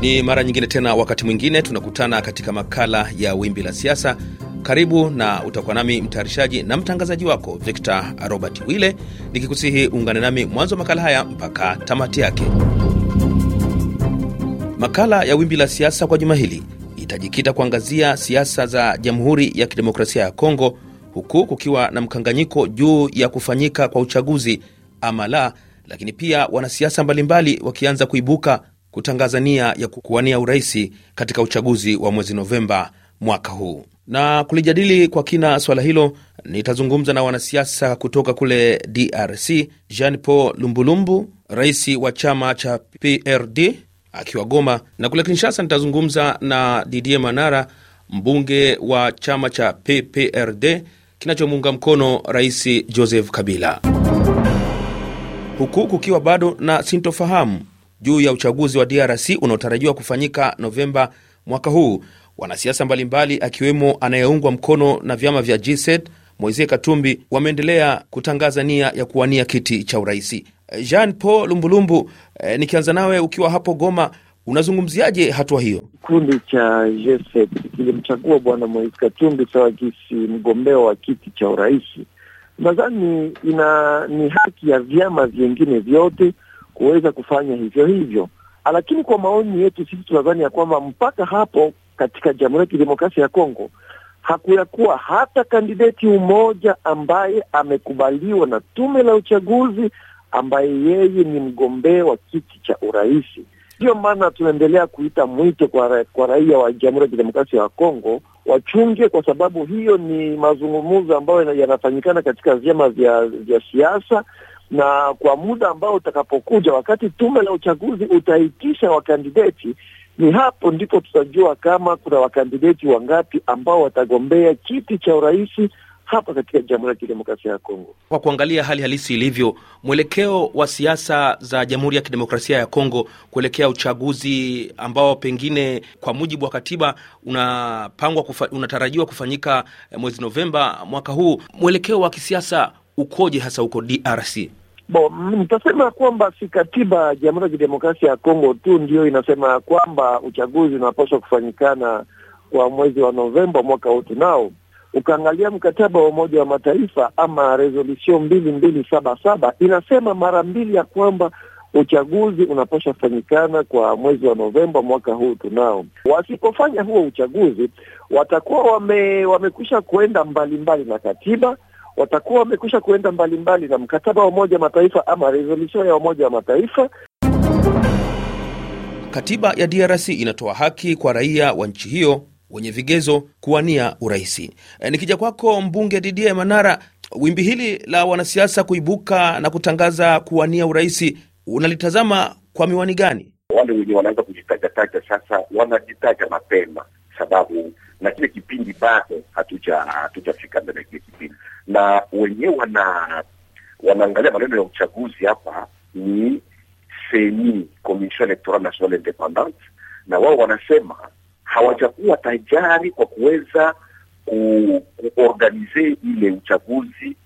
Ni mara nyingine tena, wakati mwingine tunakutana katika makala ya Wimbi la Siasa. Karibu na utakuwa nami mtayarishaji na mtangazaji wako Victor Robert Wille, nikikusihi uungane nami mwanzo wa makala haya mpaka tamati yake. Makala ya Wimbi la Siasa kwa juma hili itajikita kuangazia siasa za Jamhuri ya Kidemokrasia ya Kongo, huku kukiwa na mkanganyiko juu ya kufanyika kwa uchaguzi ama la, lakini pia wanasiasa mbalimbali wakianza kuibuka kutangaza nia ya kuwania uraisi katika uchaguzi wa mwezi Novemba mwaka huu. Na kulijadili kwa kina swala hilo, nitazungumza na wanasiasa kutoka kule DRC, Jean Paul Lumbulumbu, rais wa chama cha PRD akiwa Goma, na kule Kinshasa nitazungumza na Didier Manara, mbunge wa chama cha PPRD kinachomuunga mkono Rais Joseph Kabila, huku kukiwa bado na sintofahamu juu ya uchaguzi wa DRC unaotarajiwa kufanyika Novemba mwaka huu. Wanasiasa mbalimbali akiwemo anayeungwa mkono na vyama vya g Moise Katumbi wameendelea kutangaza nia ya kuwania kiti cha uraisi. Jean Paul Lumbulumbu, eh, nikianza nawe ukiwa hapo Goma, unazungumziaje hatua hiyo? Kikundi cha g kilimchagua bwana Moise Katumbi sawa kisi mgombea wa kiti cha uraisi. Nadhani ina ni haki ya vyama vyengine vyote kuweza kufanya hivyo hivyo. Ah, lakini kwa maoni yetu sisi tunadhani ya kwamba mpaka hapo katika Jamhuri ya Kidemokrasia ya Kongo hakuyakuwa hata kandideti mmoja ambaye amekubaliwa na tume la uchaguzi ambaye yeye ni mgombea wa kiti cha urais. Ndiyo maana tunaendelea kuita mwito kwa, ra kwa raia wa Jamhuri ya Kidemokrasia ya Kongo wachunge, kwa sababu hiyo ni mazungumzo ambayo yanafanyikana katika vyama vya siasa na kwa muda ambao utakapokuja, wakati tume la uchaguzi utaitisha wakandideti, ni hapo ndipo tutajua kama kuna wakandideti wangapi ambao watagombea kiti cha urais hapa katika Jamhuri ya Kidemokrasia ya Kongo. Kwa kuangalia hali halisi ilivyo, mwelekeo wa siasa za Jamhuri ya Kidemokrasia ya Kongo kuelekea uchaguzi ambao pengine kwa mujibu wa katiba unapangwa kufa, unatarajiwa kufanyika eh, mwezi Novemba mwaka huu, mwelekeo wa kisiasa ukoje hasa huko DRC? Bo, nitasema kwamba si katiba ya Jamhuri ya Kidemokrasia ya Kongo tu ndiyo inasema kwamba uchaguzi unapaswa kufanyikana kwa mwezi wa Novemba mwaka huu Nao ukaangalia mkataba wa Umoja wa Mataifa ama resolution mbili mbili saba saba inasema mara mbili ya kwamba uchaguzi unapaswa kufanyikana kwa mwezi wa Novemba mwaka huu. Tunao wasipofanya huo uchaguzi watakuwa wame- wamekwisha kuenda mbalimbali na katiba watakuwa wamekwisha kuenda mbalimbali na mkataba wa Umoja Mataifa ama resolution ya Umoja wa Mataifa. Katiba ya DRC inatoa haki kwa raia wa nchi hiyo wenye vigezo kuwania uraisi. E, nikija kwako mbunge Didier Manara, wimbi hili la wanasiasa kuibuka na kutangaza kuwania uraisi unalitazama kwa miwani gani? Wale wenye wanaanza kujitajataja sasa wanajitaja mapema, sababu na kile kipindi bado hatujafika na wenyewe wana wanaangalia maneno ya uchaguzi hapa ni seni Commission Electorale Nationale Independante, na wao wanasema hawajakuwa tajari kwa kuweza ku, kuorganize ile uchaguzi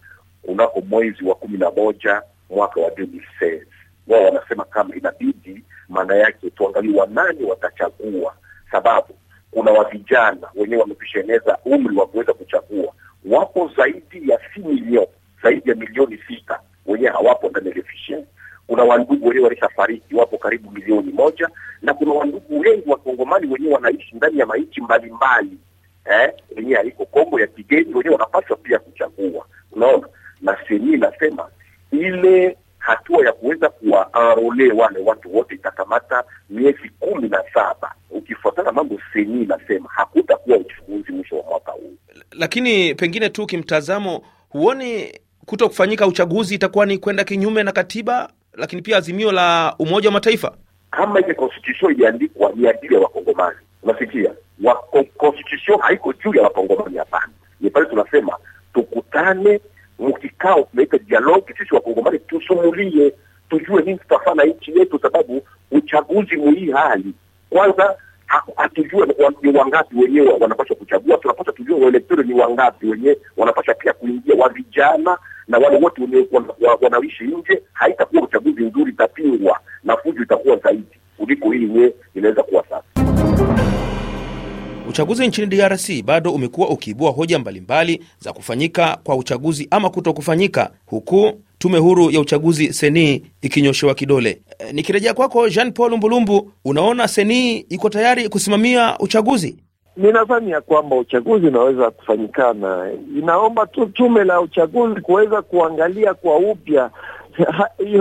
kunako mwezi wa kumi na moja mwaka wa 2016. Wao wanasema kama inabidi, maana yake tuangalie wanani watachagua, sababu kuna wavijana wenyewe wamepisheneza umri wa kuweza kuchagua wapo zaidi ya si milioni zaidi ya milioni sita wenyewe hawapo ndani ya fishe. Kuna wandugu wenyewe walishafariki wapo karibu milioni moja, na kuna wandugu wengi wa Kongomani wenyewe wanaishi ndani ya maichi mbalimbali eh, haiko aliko Kongo ya kigeni, wenyewe wanapaswa pia kuchagua, unaona. Na seni nasema ile hatua ya kuweza kuwaarole wale watu wote itakamata miezi kumi na saba ukifuatana mambo seni nasema hakutakuwa uchaguzi mwisho wa mwaka. Lakini pengine tu kimtazamo, huoni kuto kufanyika uchaguzi itakuwa ni kwenda kinyume na katiba, lakini pia azimio la Umoja wa Mataifa? Kama ile constitution iliandikwa ni ajili ya Wakongomani, unasikia wa constitution haiko juu ya Wakongomani. Hapana, ni pale tunasema tukutane mkikao, tunaita dialogue, sisi Wakongomani tusumulie, tujue nini tutafaa na nchi yetu, sababu uchaguzi muhii hali kwanza hatujue ni wangapi wenyewe wanapaswa kuchagua. Tunapaswa tujue waelektori ni wangapi wenyewe wanapaswa pia kuingia, wa vijana na wale wote wenye wanaishi nje. Haitakuwa uchaguzi nzuri, itapingwa na fujo itakuwa zaidi kuliko hii yenyewe inaweza kuwa sasa. Uchaguzi nchini DRC bado umekuwa ukiibua hoja mbalimbali mbali za kufanyika kwa uchaguzi ama kuto kufanyika, huku tume huru ya uchaguzi seni ikinyoshewa kidole nikirejea kwako Jean Paul Mbulumbu, unaona Seni iko tayari kusimamia uchaguzi? Ninadhani ya kwamba uchaguzi unaweza kufanyikana, inaomba tu tume la uchaguzi kuweza kuangalia kwa upya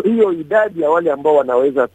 hiyo idadi ya wale ambao wanaweza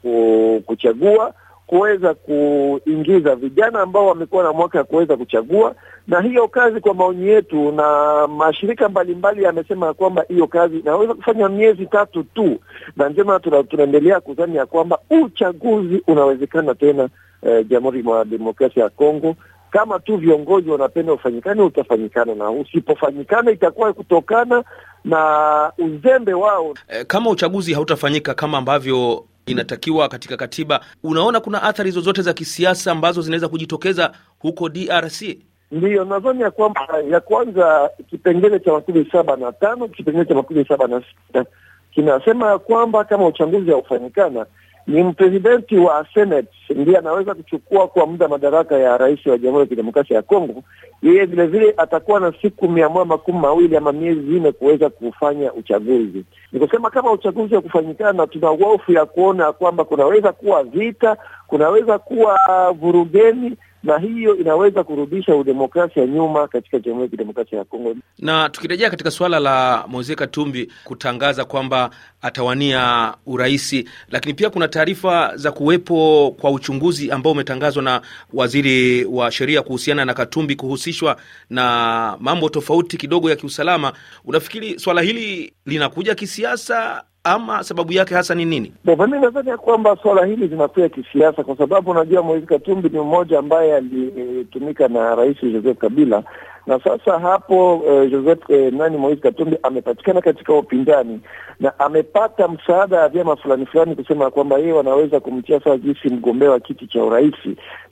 kuchagua kuweza kuingiza vijana ambao wamekuwa na mwaka ya kuweza kuchagua, na hiyo kazi kwa maoni yetu na mashirika mbalimbali yamesema ya kwamba hiyo kazi inaweza kufanya miezi tatu tu, na njema tunaendelea kudhani ya kwamba uchaguzi unawezekana tena eh, Jamhuri ya Demokrasia ya Kongo kama tu viongozi wanapenda ufanyikane, utafanyikana na usipofanyikana itakuwa kutokana na uzembe wao. Eh, kama uchaguzi hautafanyika kama ambavyo inatakiwa katika katiba. Unaona kuna athari zozote za kisiasa ambazo zinaweza kujitokeza huko DRC? Ndiyo, nadhani ya kwamba ya kwanza kipengele cha makumi saba na tano kipengele cha makumi saba na sita kinasema ya kwamba kama uchambuzi haufanyikana ni mpresidenti wa Senate ndiye anaweza kuchukua kwa muda madaraka ya rais wa Jamhuri ya Kidemokrasia ya Kongo. Yeye vilevile atakuwa na siku mia moja makumi mawili ama miezi nne kuweza kufanya uchaguzi. Ni kusema kama uchaguzi wa kufanyikana, tuna hofu ya kuona kwamba kunaweza kuwa vita, kunaweza kuwa vurugeni na hiyo inaweza kurudisha udemokrasia nyuma katika Jamhuri ya Kidemokrasia ya Kongo. Na tukirejea katika suala la Moise Katumbi kutangaza kwamba atawania uraisi, lakini pia kuna taarifa za kuwepo kwa uchunguzi ambao umetangazwa na waziri wa sheria kuhusiana na Katumbi kuhusishwa na mambo tofauti kidogo ya kiusalama. Unafikiri swala hili linakuja kisiasa ama sababu yake hasa ni nini? Mi nadhani ya kwamba swala hili linakuja kisiasa kwa sababu unajua Moise Katumbi ni mmoja ambaye alitumika na Rais Joseph Kabila na sasa hapo eh, Joseph eh, nani Moise Katumbi amepatikana katika upinzani na amepata msaada wa vyama fulani fulani kusema kwamba yeye wanaweza kumtia sasa jinsi mgombea wa kiti cha urais,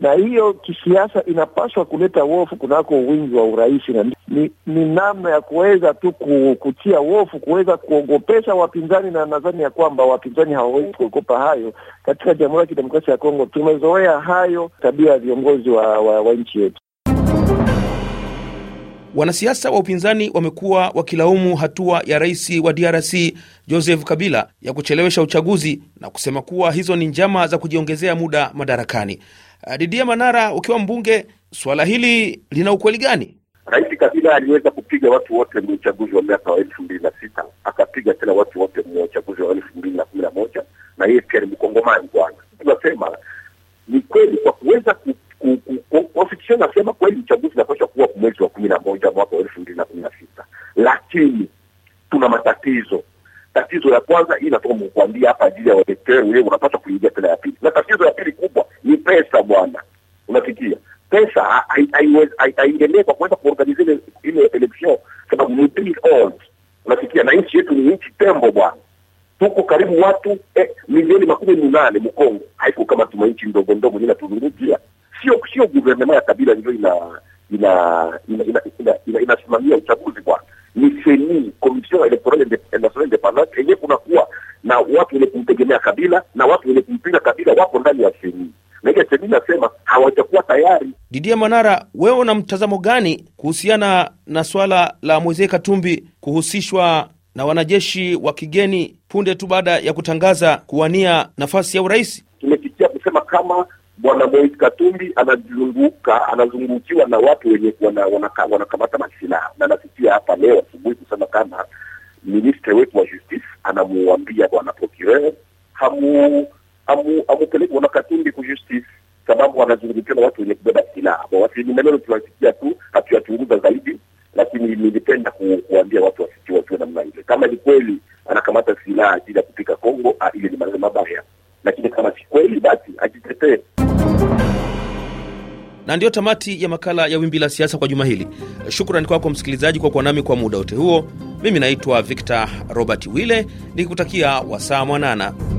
na hiyo kisiasa inapaswa kuleta wofu kunako wingi wa urais, na ni, ni namna ya kuweza tu kutia wofu, kuweza kuogopesha wapinzani, na nadhani ya kwamba wapinzani hawawezi kuogopa hayo. Katika Jamhuri ya Kidemokrasia ya Kongo tumezoea hayo tabia ya viongozi wa, wa, wa nchi yetu. Wanasiasa wa upinzani wamekuwa wakilaumu hatua ya rais wa DRC Joseph Kabila ya kuchelewesha uchaguzi na kusema kuwa hizo ni njama za kujiongezea muda madarakani. Uh, Didia Manara, ukiwa mbunge, suala hili lina ukweli gani? Rais Kabila aliweza kupiga watu wote mwa uchaguzi wa miaka wa elfu mbili na sita akapiga tena watu wote mwa uchaguzi wa elfu mbili na kumi na moja na yeye pia ni Mkongomani. Bwana, tunasema ni kweli kwa kuweza ku, ku, ku, ku, sio, nasema kweli uchaguzi unapaswa kuwa mwezi wa kumi na moja mwaka wa elfu mbili na kumi na sita lakini tuna matatizo. Tatizo ya kwanza hii natoka mkuambia hapa ajili ya wadekteri wewe unapaswa kuingia tena ya pili, na tatizo ya pili kubwa ni pesa bwana, unafikia pesa haiendelee kwa kuweza kuorganize ile election, sababu ni unafikia, na nchi yetu ni nchi tembo bwana tuko karibu watu eh, milioni makumi minane Mkongo. Haiko kama tuma nchi ndogo ndogo ninatuzungumzia sio sio guvernema ya Kabila ndio ina ina inasimamia ina, ina, ina, ina uchaguzi bwana, ni seni komision electorale national independante yenye kunakuwa na watu wenye kumtegemea Kabila na watu wenye kumpinga Kabila wako ndani ya seni na ile seni nasema hawajakuwa tayari. Didia Manara, wewe una mtazamo gani kuhusiana na swala la mwezee Katumbi kuhusishwa na wanajeshi wa kigeni punde tu baada ya kutangaza kuwania nafasi ya urais? Tumefikia kusema kama Bwana mois Katumbi anazunguka anazungukiwa na watu wenye wanakamata wana, masilaha, na nasikia hapa leo asubuhi kusema kama ministre wetu wa justice anamuambia bwana procureur hamu amupeleke bwana Katumbi ku justice sababu anazungukiwa na watu wenye kubeba silaha. ni tu ndiyo tamati ya makala ya Wimbi la Siasa kwa juma hili. Shukrani kwako kwa msikilizaji kwa kuwa nami kwa muda wote huo. Mimi naitwa Victor Robert Wille nikikutakia wasaa mwanana.